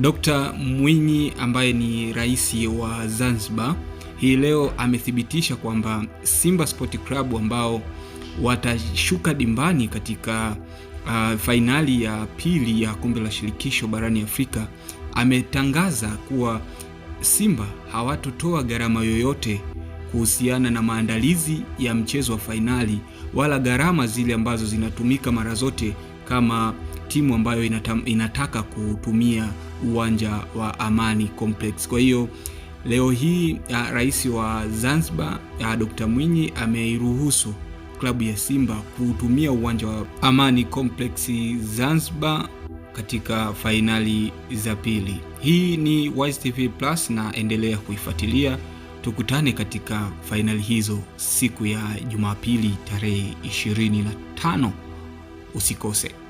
Dr. Mwinyi ambaye ni rais wa Zanzibar hii leo amethibitisha kwamba Simba Sport Club ambao watashuka dimbani katika uh, fainali ya pili ya kombe la shirikisho barani Afrika, ametangaza kuwa Simba hawatotoa gharama yoyote kuhusiana na maandalizi ya mchezo wa fainali wala gharama zile ambazo zinatumika mara zote kama timu ambayo inata, inataka kutumia uwanja wa Amani Complex. Kwa hiyo leo hii uh, rais wa Zanzibar uh, Dr. Mwinyi ameiruhusu klabu ya Simba kuutumia uwanja wa Amani Complex Zanzibar katika fainali za pili. Hii ni Wise TV Plus na endelea kuifuatilia. Tukutane katika fainali hizo siku ya Jumapili tarehe 25. Usikose.